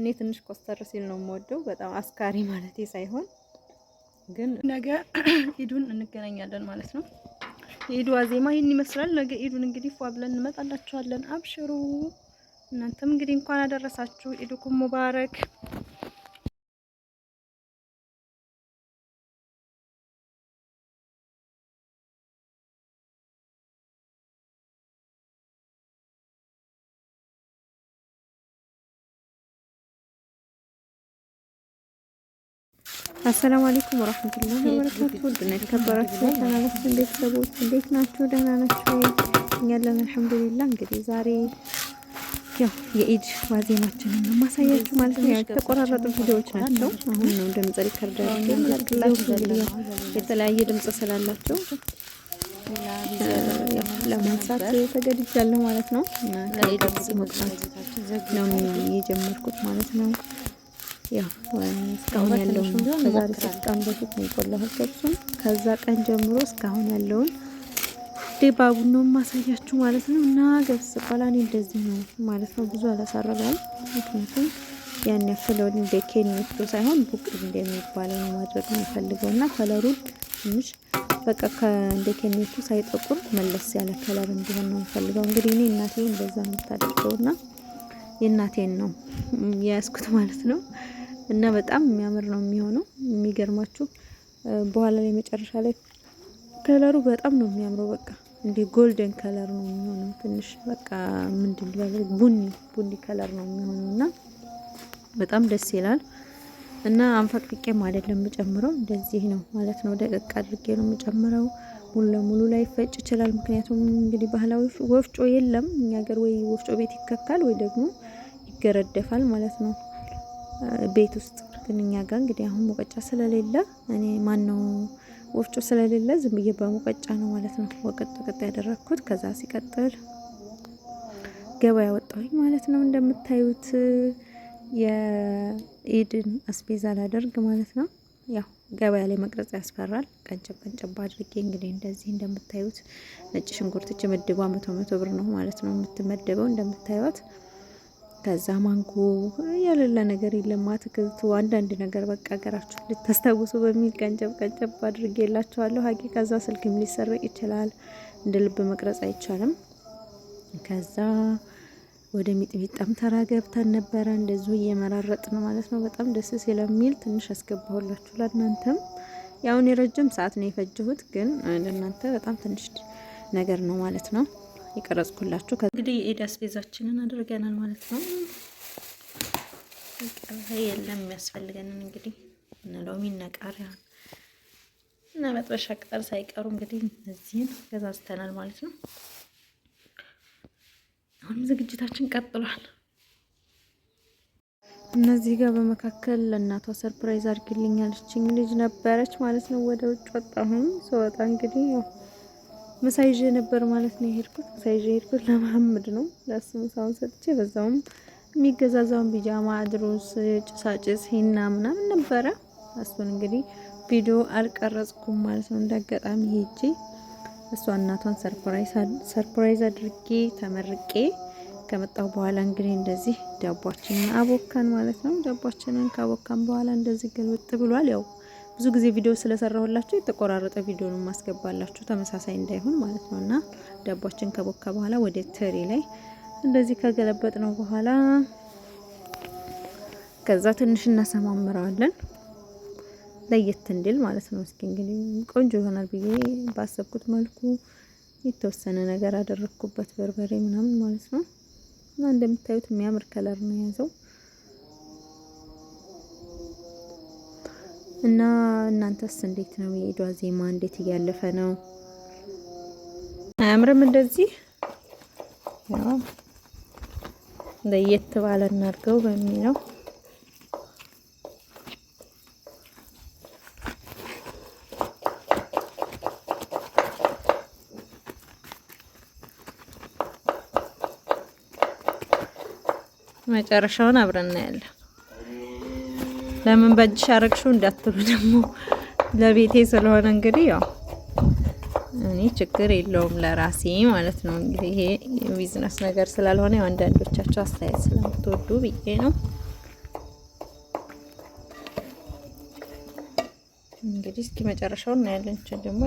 እኔ ትንሽ ኮስተር ሲል ነው የምወደው። በጣም አስካሪ ማለት ሳይሆን ግን ነገ ኢዱን እንገናኛለን ማለት ነው። የኢዱ ዋዜማ ይህን ይመስላል። ነገ ኢዱን እንግዲህ ፏ ብለን እንመጣላችኋለን። አብሽሩ እናንተም እንግዲህ እንኳን አደረሳችሁ። ኢዱኩም ሙባረክ አሰላሙ አለይኩም ወራህመቱላሂ ወበረካቱ። ውድና የተከበራችሁ ተናገስን ቤተሰቦች እንዴት ናችሁ? ደህና ናችሁ? እኛለን አልሐምዱሊላህ። እንግዲህ ዛሬ ያው የኢድ ዋዜማችንን ነው ማሳያችሁ ማለት ነው። የተቆራረጡ ቪዲዮዎች ናቸው። አሁን ነው ድምጽ ሪከርድ ያደርግላችሁ። የተለያየ ድምጽ ስላላቸው ለማንሳት ተገድጃለሁ ማለት ነው ከኢድ መቅራት ነው የጀመርኩት ማለት ነው። እስካሁን ያለውን ከዛሬ ሶስት ቀን በፊት ነው የቆላሁት ገብሱን። ከዛ ቀን ጀምሮ እስካሁን ያለውን ድባቡን ነው ማሳያችሁ ማለት ነው። እና ገብስ ቆላ እኔ እንደዚህ ነው ማለት ነው። ብዙ አላሳረጋል። ምክንያቱም ያን ያክል እንደ ኬን ወስዶ ሳይሆን ቡቅ እንደሚባለው ነው ማድረግ ነው የፈልገው እና ከለሩን ትንሽ በቃ ከእንደ ኬኔቱ ሳይጠቁር መለስ ያለ ከለር እንዲሆን ነው የምፈልገው። እንግዲህ እኔ እናቴ እንደዛ ነው የምታደርገውና የእናቴን ነው የያዝኩት ማለት ነው። እና በጣም የሚያምር ነው የሚሆነው። የሚገርማችሁ በኋላ ላይ መጨረሻ ላይ ከለሩ በጣም ነው የሚያምረው። በቃ እንደ ጎልደን ከለር ነው የሚሆነው። ትንሽ በቃ ምንድን ቡኒ ቡኒ ከለር ነው የሚሆነው እና በጣም ደስ ይላል። እና አንፈቅቅቄም አይደለም የምጨምረው እንደዚህ ነው ማለት ነው። ደቀቅ አድርጌ ነው የምጨምረው። ሙሉ ለሙሉ ላይፈጭ ይችላል። ምክንያቱም እንግዲህ ባህላዊ ወፍጮ የለም እኛ ሀገር፣ ወይ ወፍጮ ቤት ይከካል ወይ ደግሞ ይገረደፋል ማለት ነው ቤት ውስጥ። ግን እኛ ጋር እንግዲህ አሁን ሙቀጫ ስለሌለ እኔ ማን ነው ወፍጮ ስለሌለ ዝም ብዬ በሙቀጫ ነው ማለት ነው ወቀጥ ወቀጥ ያደረግኩት። ከዛ ሲቀጥል ገበያ ወጣሁኝ ማለት ነው። እንደምታዩት የኢድን አስቤዛ ላደርግ ማለት ነው ያው ገበያ ላይ መቅረጽ ያስፈራል። ቀንጨብ ቀንጨብ አድርጌ እንግዲህ እንደዚህ እንደምታዩት ነጭ ሽንኩርት እች ምድቧ መቶ መቶ ብር ነው ማለት ነው የምትመደበው እንደምታዩት። ከዛ ማንጎ የሌለ ነገር የለም አትክልቱ፣ አንዳንድ ነገር በቃ ሀገራችሁ ልታስታውሱ በሚል ቀንጨብ ቀንጨብ አድርጌ የላችኋለሁ። ሀቂ ከዛ ስልክም ሊሰረቅ ይችላል፣ እንደ ልብ መቅረጽ አይቻልም። ከዛ ወደ ሚጥሚጣም ተራ ገብተን ነበረ። እንደዚሁ እየመራረጥ ነው ማለት ነው። በጣም ደስ ስለሚል ትንሽ አስገባሁላችሁ ለእናንተም። ያውን የረጅም ሰዓት ነው የፈጀሁት፣ ግን ለእናንተ በጣም ትንሽ ነገር ነው ማለት ነው የቀረጽኩላችሁ። እንግዲህ የኢድ አስቤዛችንን አድርገናል ማለት ነው። የለም የሚያስፈልገንን እንግዲህ ሎሚ ነቃሪያ እና መጥበሻ ቅጠል ሳይቀሩ እንግዲህ እዚህን ገዛዝተናል ማለት ነው። አሁንም ዝግጅታችን ቀጥሏል። እነዚህ ጋር በመካከል ለእናቷ ሰርፕራይዝ አድርግልኛለች ልጅ ነበረች ማለት ነው። ወደ ውጭ ወጣሁኝ። ስወጣ እንግዲህ ምሳ ይዤ ነበር ማለት ነው የሄድኩት። ምሳ ይዤ የሄድኩት ለመሀመድ ነው። ለሱ ምሳውን ሰጥቼ በዛውም የሚገዛዛውን ቢጃማ፣ ድሩስ፣ ጭሳጭስ፣ ሂና ምናምን ነበረ። እሱን እንግዲህ ቪዲዮ አልቀረጽኩም ማለት ነው እንዳጋጣሚ ሄጄ እሷ እናቷን ሰርፕራይዝ አድርጌ ተመርቄ ከመጣሁ በኋላ እንግዲህ እንደዚህ ዳቧችንን አቦካን ማለት ነው። ዳቧችንን ካቦካን በኋላ እንደዚህ ግልብጥ ብሏል። ያው ብዙ ጊዜ ቪዲዮ ስለሰራሁላችሁ የተቆራረጠ ቪዲዮን ማስገባላችሁ ተመሳሳይ እንዳይሆን ማለት ነው። እና ዳቧችን ከቦካ በኋላ ወደ ትሪ ላይ እንደዚህ ከገለበጥ ነው በኋላ ከዛ ትንሽ እናሰማምረዋለን። ለየት እንዲል ማለት ነው። እስኪ እንግዲህ ቆንጆ ይሆናል ብዬ ባሰብኩት መልኩ የተወሰነ ነገር አደረግኩበት፣ በርበሬ ምናምን ማለት ነው። እና እንደምታዩት የሚያምር ከለር ነው የያዘው። እና እናንተስ እንዴት ነው? የኢድ ዜማ እንዴት እያለፈ ነው? አያምርም? እንደዚህ ያው ለየት ባለ እናድርገው በሚለው መጨረሻውን አብረን እናያለን። ለምን በእጅሽ አረግሽው እንዳትሉ ደግሞ ለቤቴ ስለሆነ እንግዲህ ያው እኔ ችግር የለውም ለራሴ ማለት ነው። እንግዲህ ይሄ የቢዝነስ ነገር ስላልሆነ ያው አንዳንዶቻቸው አስተያየት ስለምትወዱ ብዬ ነው። እንግዲህ እስኪ መጨረሻውን እናያለን። ደግሞ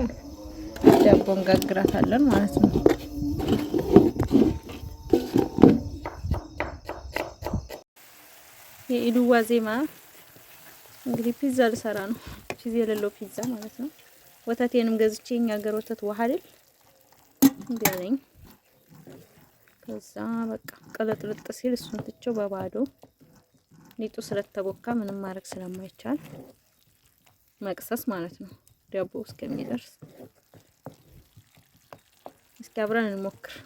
ዳቦ እንጋግራታለን ማለት ነው። የኢዱ ዋዜማ እንግዲህ ፒዛ ልሰራ ነው። ፒዛ የሌለው ፒዛ ማለት ነው። ወተቴንም ገዝቼ እኛ ሀገር ወተት ውሃ አይደል እንዲያለኝ ከዛ በቃ ቀለጥልጥ ሲል እሱን ትቼው በባዶ ሊጡ ስለተቦካ ምንም ማድረግ ስለማይቻል መቅሰስ ማለት ነው። ዳቦ እስከሚደርስ እስኪ አብረን እንሞክር።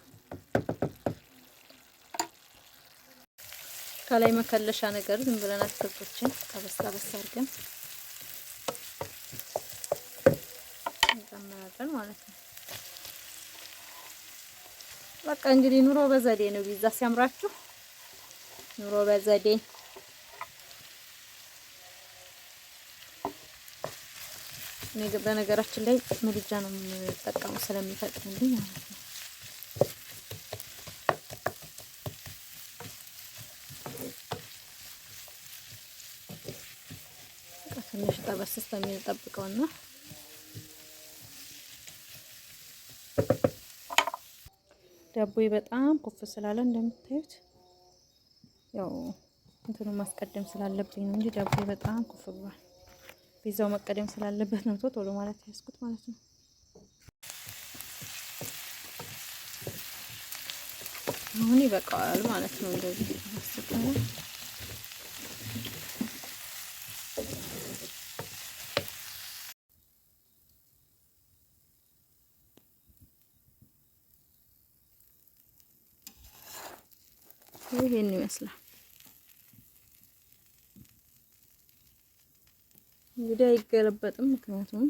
ከላይ መከለሻ ነገር ዝም ብለን አትክልቶችን ጠበስ ጠበስ አድርገን እንጨምራለን ማለት ነው። በቃ እንግዲህ ኑሮ በዘዴ ነው። ቢዛ ሲያምራችሁ ኑሮ በዘዴ በነገራችን ላይ ምድጃ ነው የምንጠቀመው ስለሚፈጥንልኝ ማለት ነው። በስስ እስከሚል ጠብቀውና ዳቦዬ በጣም ኩፍ ስላለ እንደምታዩት ያው እንትኑ ማስቀደም ስላለብኝ ነው እንጂ ዳቦ በጣም ኩፍ ብሏል። ፒዛው መቀደም ስላለበት ነው ቶሎ ማለት ያስኩት ማለት ነው። አሁን ይበቃዋል ማለት ነው እንደዚህ ይሄን ይመስላል። እንግዲህ አይገለበጥም። ምክንያቱም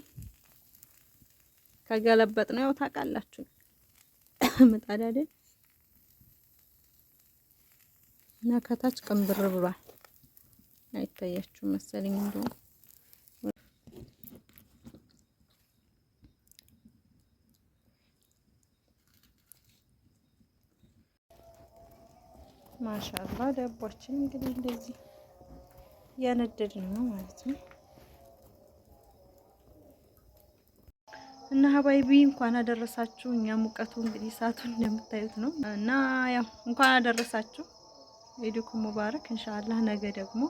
ከገለበጥ ነው ያው ታውቃላችሁ ምጣድ አይደል እና ከታች ቀንብር ብሏል። አይታያችሁ መሰለኝ እንደውም ማሻላ ዳቧችን እንግዲህ እንደዚህ እያነደድን ነው ማለት ነው። እና ሀባይቢ እንኳን አደረሳችሁ። እኛ ሙቀቱ እንግዲህ እሳቱን እንደምታዩት ነው። እና ያው እንኳን አደረሳችሁ። ኢድኩም ሙባረክ። እንሻአላህ ነገ ደግሞ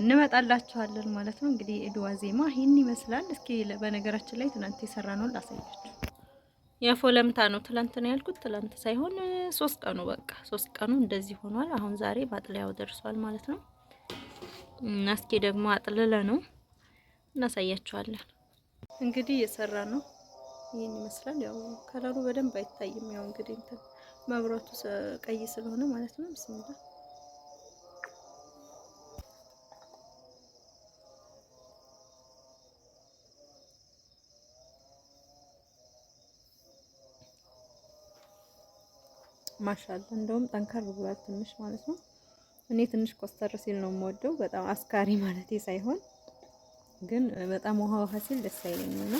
እንመጣላችኋለን ማለት ነው። እንግዲህ ኢድ ዋዜማ ይህን ይመስላል። እስኪ በነገራችን ላይ ትናንት የሰራ ነው ላሳያችሁ። የፎለምታ ነው። ትላንት ነው ያልኩት፣ ትላንት ሳይሆን ሶስት ቀኑ በቃ ሶስት ቀኑ እንደዚህ ሆኗል። አሁን ዛሬ ማጥለያው ደርሷል ማለት ነው። እና እስኪ ደግሞ አጥልለ ነው እናሳያችኋለን። እንግዲህ እየሰራ ነው። ይህን ይመስላል። ያው ከለሩ በደንብ አይታይም። ያው እንግዲህ መብራቱ ቀይ ስለሆነ ማለት ነው። ብስሚላ ማሻላ እንደውም ጠንከር ብሏል ትንሽ ማለት ነው። እኔ ትንሽ ኮስተር ሲል ነው የምወደው፣ በጣም አስካሪ ማለት ሳይሆን ግን በጣም ውሃ ውሃ ሲል ደስ አይለኝም እና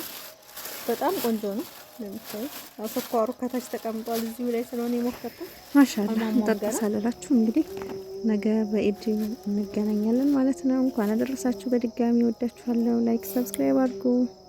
በጣም ቆንጆ ነው። ለምሳሌ ስኳሩ ከታች ተቀምጧል፣ እዚሁ ላይ ስለሆነ የሞከርኩት ማሻላ እንጠቅሳላችሁ። እንግዲህ ነገ በኢድ እንገናኛለን ማለት ነው። እንኳን አደረሳችሁ በድጋሚ ወዳችኋለሁ። ላይክ ሰብስክራይብ አድርጉ።